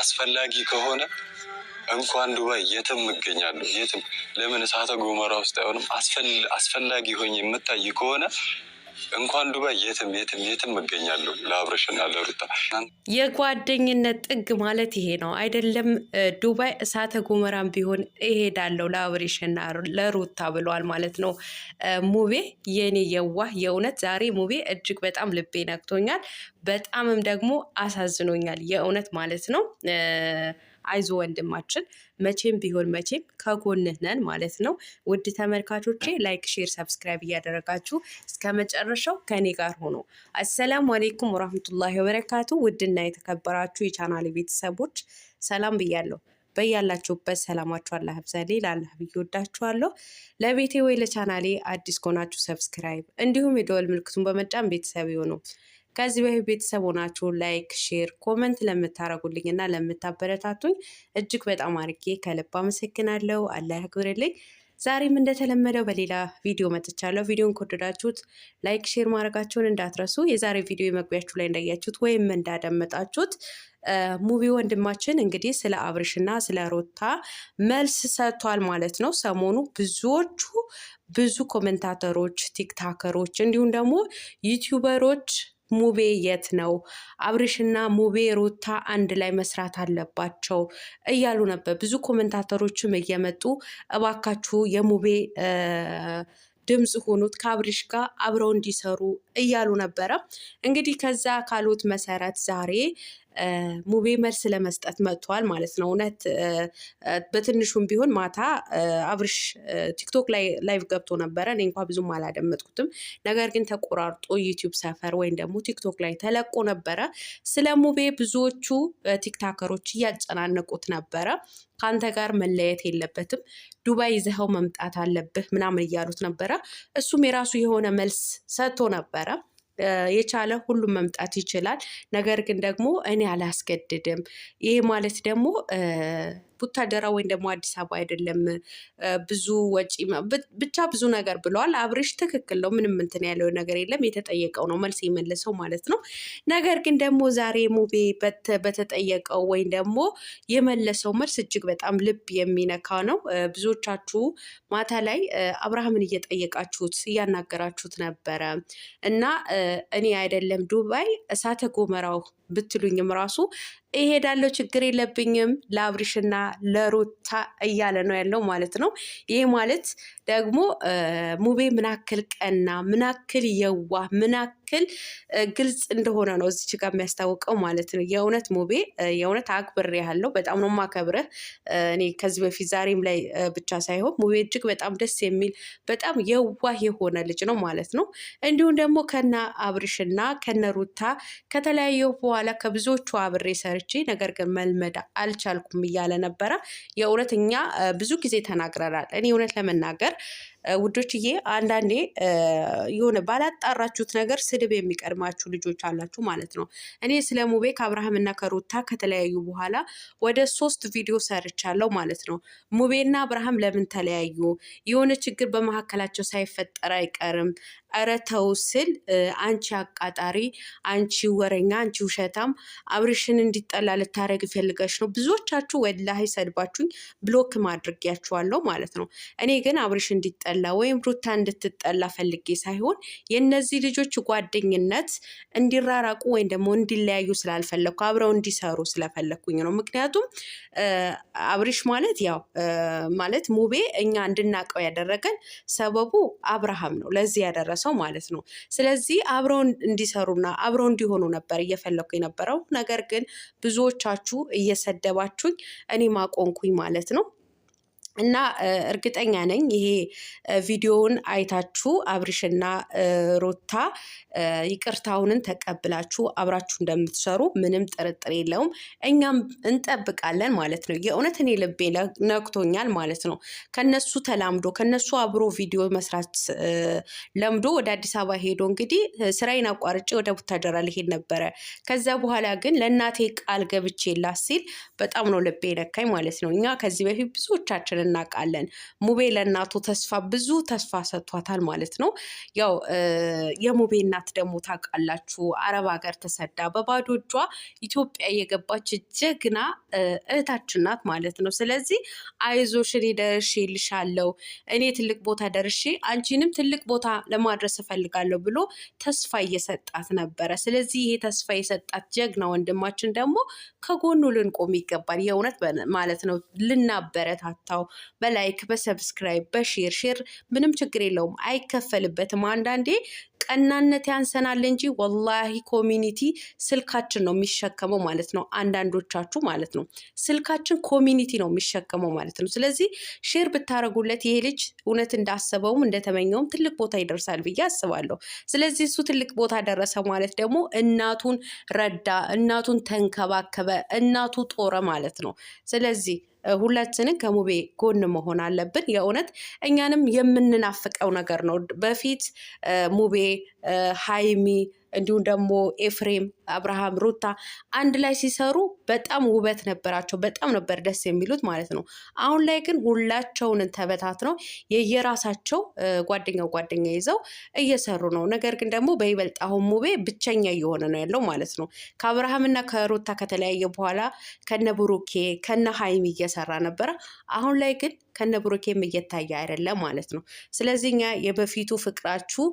አስፈላጊ ከሆነ እንኳን ዱባይ የትም እገኛለሁ። የትም ለምን እሳተ ጎመራ ውስጥ አይሆንም። አስፈላጊ ሆኜ የምታይ ከሆነ እንኳን ዱባይ የትም የትም የትም እገኛለሁ ለአብረሽና ለሩታ። የጓደኝነት ጥግ ማለት ይሄ ነው አይደለም? ዱባይ እሳተ ጎመራን ቢሆን እሄዳለሁ ለአብረሽና ለሩታ ብለዋል ማለት ነው። ሙቤ የኔ የዋህ የእውነት ዛሬ ሙቤ እጅግ በጣም ልቤ ነክቶኛል፣ በጣምም ደግሞ አሳዝኖኛል የእውነት ማለት ነው። አይዞ ወንድማችን መቼም ቢሆን መቼም ከጎንህ ነን ማለት ነው። ውድ ተመልካቾቼ ላይክ፣ ሼር፣ ሰብስክራይብ እያደረጋችሁ እስከ መጨረሻው ከኔ ጋር ሆኖ አሰላሙ አሌይኩም ወራህመቱላሂ ወበረካቱ። ውድና የተከበራችሁ የቻናል ቤተሰቦች ሰላም ብያለሁ። በያላችሁበት ሰላማችሁ አላህ ብዛሌ ላላህ ብዬ ወዳችኋለሁ። ለቤቴ ወይ ለቻናሌ አዲስ ከሆናችሁ ሰብስክራይብ እንዲሁም የደወል ምልክቱን በመጫን ቤተሰብ ይሁኑ። ከዚህ በፊት ቤተሰብ ሆናችሁ ላይክ፣ ሼር፣ ኮመንት ለምታደርጉልኝ እና ለምታበረታቱኝ እጅግ በጣም አርጌ ከልብ አመሰግናለሁ። አላህ ያክብርልኝ። ዛሬም እንደተለመደው በሌላ ቪዲዮ መጥቻለሁ። ቪዲዮን ከወደዳችሁት ላይክ፣ ሼር ማድረጋችሁን እንዳትረሱ። የዛሬ ቪዲዮ የመግቢያችሁ ላይ እንዳያችሁት ወይም እንዳደመጣችሁት ሙቪ ወንድማችን እንግዲህ ስለ አብርሽና ስለ ሩታ መልስ ሰጥቷል ማለት ነው። ሰሞኑ ብዙዎቹ ብዙ ኮሜንታተሮች፣ ቲክታከሮች እንዲሁም ደግሞ ዩቲዩበሮች ሙቤ የት ነው? አብርሽና ሙቤ ሩታ አንድ ላይ መስራት አለባቸው እያሉ ነበር። ብዙ ኮመንታተሮችም እየመጡ እባካችሁ የሙቤ ድምፅ ሆኑት ከአብርሽ ጋር አብረው እንዲሰሩ እያሉ ነበረ። እንግዲህ ከዛ ካሉት መሰረት ዛሬ ሙቤ መልስ ለመስጠት መጥቷል ማለት ነው። እውነት በትንሹም ቢሆን ማታ አብርሽ ቲክቶክ ላይ ላይቭ ገብቶ ነበረ። እኔ እንኳ ብዙም አላደመጥኩትም፣ ነገር ግን ተቆራርጦ ዩቲዩብ ሰፈር ወይም ደግሞ ቲክቶክ ላይ ተለቆ ነበረ። ስለ ሙቤ ብዙዎቹ ቲክታከሮች እያጨናነቁት ነበረ። ከአንተ ጋር መለየት የለበትም ዱባይ ይዘኸው መምጣት አለብህ ምናምን እያሉት ነበረ። እሱም የራሱ የሆነ መልስ ሰጥቶ ነበረ። የቻለ ሁሉም መምጣት ይችላል። ነገር ግን ደግሞ እኔ አላስገድድም። ይሄ ማለት ደግሞ ቡታደራ ወይም ደግሞ አዲስ አበባ አይደለም። ብዙ ወጪ ብቻ ብዙ ነገር ብለዋል። አብሬሽ ትክክል ነው። ምንም እንትን ያለው ነገር የለም። የተጠየቀው ነው መልስ የመለሰው ማለት ነው። ነገር ግን ደግሞ ዛሬ ሙቤ በተጠየቀው ወይም ደግሞ የመለሰው መልስ እጅግ በጣም ልብ የሚነካ ነው። ብዙዎቻችሁ ማታ ላይ አብርሃምን እየጠየቃችሁት እያናገራችሁት ነበረ እና እኔ አይደለም ዱባይ እሳተ ጎመራው ብትሉኝም ራሱ እሄዳለሁ፣ ችግር የለብኝም ለአብርሽና ለሩታ እያለ ነው ያለው ማለት ነው። ይሄ ማለት ደግሞ ሙቤ ምናክል ቀና፣ ምናክል የዋ፣ ምናክል ግልጽ እንደሆነ ነው እዚች ጋር የሚያስታውቀው ማለት ነው። የእውነት ሙቤ የእውነት አክብሬ ያለው በጣም ነው ማከብረህ። እኔ ከዚህ በፊት ዛሬም ላይ ብቻ ሳይሆን ሙቤ እጅግ በጣም ደስ የሚል በጣም የዋህ የሆነ ልጅ ነው ማለት ነው። እንዲሁም ደግሞ ከነ አብርሽና ከነ ሩታ ከተለያየሁ በኋላ ከብዙዎቹ አብሬ ሰርች ነበረች፣ ነገር ግን መልመድ አልቻልኩም እያለ ነበረ። የእውነት እኛ ብዙ ጊዜ ተናግረናል። እኔ እውነት ለመናገር ውዶችዬ አንዳንዴ የሆነ ባላጣራችሁት ነገር ስድብ የሚቀድማችሁ ልጆች አላችሁ ማለት ነው። እኔ ስለ ሙቤ ከአብርሃምና ከሩታ ከተለያዩ በኋላ ወደ ሶስት ቪዲዮ ሰርቻለሁ ማለት ነው። ሙቤና አብርሃም ለምን ተለያዩ? የሆነ ችግር በመካከላቸው ሳይፈጠር አይቀርም። ኧረ ተው ስል አንቺ አቃጣሪ፣ አንቺ ወረኛ፣ አንቺ ውሸታም አብርሽን እንዲጠላ ልታደረግ ይፈልገች ነው። ብዙዎቻችሁ ወላሂ ሰድባችሁኝ ብሎክ ማድረጊያችኋለሁ ማለት ነው። እኔ ግን አብርሽ እንዲጠላ እንድትጠላ ወይም ሩታ እንድትጠላ ፈልጌ ሳይሆን የእነዚህ ልጆች ጓደኝነት እንዲራራቁ ወይም ደግሞ እንዲለያዩ ስላልፈለግኩ አብረው እንዲሰሩ ስለፈለግኩኝ ነው። ምክንያቱም አብሪሽ ማለት ያው ማለት ሙቤ እኛ እንድናቀው ያደረገን ሰበቡ አብርሃም ነው፣ ለዚህ ያደረሰው ማለት ነው። ስለዚህ አብረው እንዲሰሩና አብረው እንዲሆኑ ነበር እየፈለግኩ የነበረው ነገር ግን ብዙዎቻችሁ እየሰደባችሁኝ እኔ ማቆንኩኝ ማለት ነው። እና እርግጠኛ ነኝ ይሄ ቪዲዮውን አይታችሁ አብርሽና ሩታ ይቅርታውንን ተቀብላችሁ አብራችሁ እንደምትሰሩ ምንም ጥርጥር የለውም። እኛም እንጠብቃለን ማለት ነው። የእውነት እኔ ልቤ ነክቶኛል ማለት ነው። ከነሱ ተላምዶ ከነሱ አብሮ ቪዲዮ መስራት ለምዶ ወደ አዲስ አበባ ሄዶ እንግዲህ ስራዬን አቋርጬ ወደ ቡታጀራ ልሄድ ነበረ። ከዛ በኋላ ግን ለእናቴ ቃል ገብቼላት ሲል በጣም ነው ልቤ ነካኝ ማለት ነው። እኛ ከዚህ በፊት ብዙዎቻችን እናውቃለን። ሙቤ ለእናቱ ተስፋ ብዙ ተስፋ ሰጥቷታል ማለት ነው። ያው የሙቤ እናት ደግሞ ታውቃላችሁ አረብ ሀገር ተሰዳ በባዶ እጇ ኢትዮጵያ የገባች ጀግና እህታችን ናት ማለት ነው። ስለዚህ አይዞሽ፣ እኔ ደርሼ እልሻለሁ፣ እኔ ትልቅ ቦታ ደርሼ አንቺንም ትልቅ ቦታ ለማድረስ እፈልጋለሁ ብሎ ተስፋ እየሰጣት ነበረ። ስለዚህ ይሄ ተስፋ የሰጣት ጀግና ወንድማችን ደግሞ ከጎኑ ልንቆም ይገባል። የእውነት ማለት ነው ልናበረታታው በላይክ በሰብስክራይብ በሼር ሼር ምንም ችግር የለውም አይከፈልበትም። አንዳንዴ ቀናነት ያንሰናል እንጂ ወላሂ ኮሚኒቲ ስልካችን ነው የሚሸከመው ማለት ነው። አንዳንዶቻችሁ ማለት ነው ስልካችን ኮሚኒቲ ነው የሚሸከመው ማለት ነው። ስለዚህ ሼር ብታደረጉለት ይሄ ልጅ እውነት እንዳሰበውም እንደተመኘውም ትልቅ ቦታ ይደርሳል ብዬ አስባለሁ። ስለዚህ እሱ ትልቅ ቦታ ደረሰ ማለት ደግሞ እናቱን ረዳ፣ እናቱን ተንከባከበ፣ እናቱ ጦረ ማለት ነው። ስለዚህ ሁላችንን ከሙቤ ጎን መሆን አለብን። የእውነት እኛንም የምንናፍቀው ነገር ነው። በፊት ሙቤ ሀይሚ እንዲሁም ደግሞ ኤፍሬም፣ አብርሃም፣ ሩታ አንድ ላይ ሲሰሩ በጣም ውበት ነበራቸው። በጣም ነበር ደስ የሚሉት ማለት ነው። አሁን ላይ ግን ሁላቸውንን ተበታትነው የየራሳቸው ጓደኛው ጓደኛ ይዘው እየሰሩ ነው። ነገር ግን ደግሞ በይበልጥ አሁን ሙቤ ብቸኛ እየሆነ ነው ያለው ማለት ነው። ከአብርሃምና ከሩታ ከተለያየ በኋላ ከነ ብሩኬ ከነ ሀይሚ እየሰራ ነበረ። አሁን ላይ ግን ከነብሩኬም እየታየ አይደለም ማለት ነው። ስለዚህ እኛ የበፊቱ ፍቅራችሁ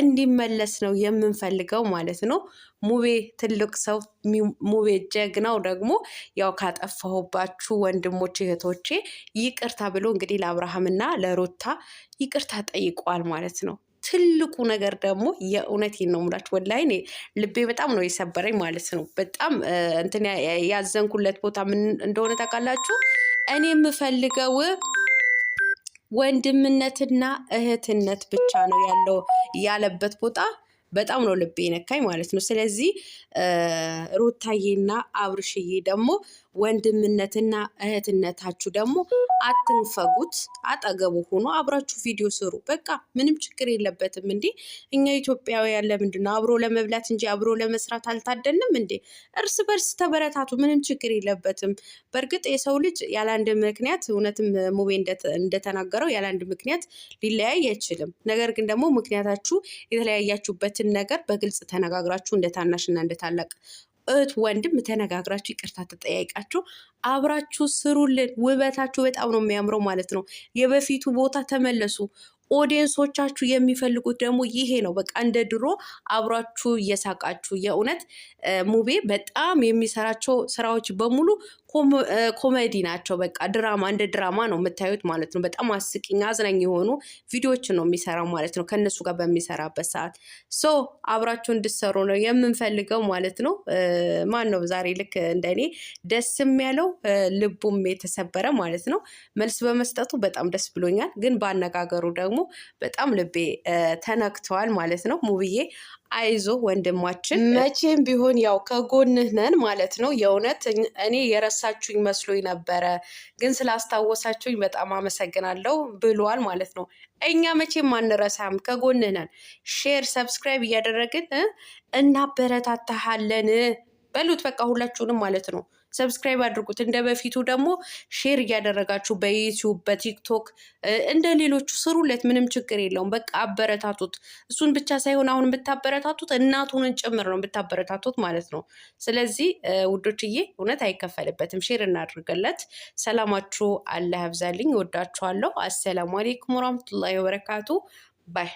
እንዲመለስ ነው የምንፈልገው ማለት ነው። ሙቤ ትልቅ ሰው ሙቤ ጀግናው ደግሞ ያው ካጠፋሁባችሁ ወንድሞች እህቶቼ ይቅርታ ብሎ እንግዲህ ለአብርሃምና ለሩታ ይቅርታ ጠይቋል ማለት ነው። ትልቁ ነገር ደግሞ የእውነት ነው የምላችሁ፣ ወላሂ ልቤ በጣም ነው የሰበረኝ ማለት ነው። በጣም እንትን ያዘንኩለት ቦታ ምን እንደሆነ ታውቃላችሁ? እኔ የምፈልገው ወንድምነትና እህትነት ብቻ ነው ያለው ያለበት ቦታ በጣም ነው ልቤ ነካኝ ማለት ነው። ስለዚህ ሩታዬና አብርሽዬ ደግሞ ወንድምነትና እህትነታችሁ ደግሞ አትንፈጉት። አጠገቡ ሆኖ አብራችሁ ቪዲዮ ስሩ። በቃ ምንም ችግር የለበትም እንዴ። እኛ ኢትዮጵያውያን ለምንድን ነው አብሮ ለመብላት እንጂ አብሮ ለመስራት አልታደንም እንዴ? እርስ በርስ ተበረታቱ። ምንም ችግር የለበትም። በእርግጥ የሰው ልጅ ያለአንድ ምክንያት እውነትም ሙቤ እንደተናገረው ያለአንድ ምክንያት ሊለያይ አይችልም። ነገር ግን ደግሞ ምክንያታችሁ የተለያያችሁበትን ነገር በግልጽ ተነጋግራችሁ እንደታናሽና እንደታላቅ። እህት ወንድም ተነጋግራችሁ ይቅርታ ተጠያይቃችሁ አብራችሁ ስሩልን። ውበታችሁ በጣም ነው የሚያምረው ማለት ነው። የበፊቱ ቦታ ተመለሱ። ኦዲየንሶቻችሁ የሚፈልጉት ደግሞ ይሄ ነው። በቃ እንደ ድሮ አብራችሁ እየሳቃችሁ የእውነት ሙቤ በጣም የሚሰራቸው ስራዎች በሙሉ ኮሜዲ ናቸው። በቃ ድራማ እንደ ድራማ ነው የምታዩት ማለት ነው። በጣም አስቂኝ አዝናኝ የሆኑ ቪዲዮዎችን ነው የሚሰራው ማለት ነው። ከእነሱ ጋር በሚሰራበት ሰዓት ሶ አብራችሁ እንድሰሩ ነው የምንፈልገው ማለት ነው። ማን ነው ዛሬ ልክ እንደኔ ደስም ያለው ልቡም የተሰበረ ማለት ነው። መልስ በመስጠቱ በጣም ደስ ብሎኛል፣ ግን በአነጋገሩ ደግሞ በጣም ልቤ ተነክተዋል ማለት ነው ሙብዬ አይዞ ወንድማችን፣ መቼም ቢሆን ያው ከጎንህ ነን ማለት ነው። የእውነት እኔ የረሳችሁኝ መስሎኝ ነበረ፣ ግን ስላስታወሳችሁኝ በጣም አመሰግናለሁ ብሏል ማለት ነው። እኛ መቼም አንረሳም፣ ከጎንህ ነን። ሼር፣ ሰብስክራይብ እያደረግን እናበረታታሃለን በሉት። በቃ ሁላችሁንም ማለት ነው። ሰብስክራይብ አድርጉት። እንደ በፊቱ ደግሞ ሼር እያደረጋችሁ በዩቲዩብ በቲክቶክ እንደ ሌሎቹ ስሩለት። ምንም ችግር የለውም። በቃ አበረታቱት። እሱን ብቻ ሳይሆን አሁን የምታበረታቱት እናቱንን ጭምር ነው የምታበረታቱት ማለት ነው። ስለዚህ ውዶችዬ እውነት አይከፈልበትም። ሼር እናድርገለት። ሰላማችሁ አለ ያብዛልኝ። ወዳችኋለሁ። አሰላሙ አሌይኩም ወራህመቱላሂ ወበረካቱ ባይ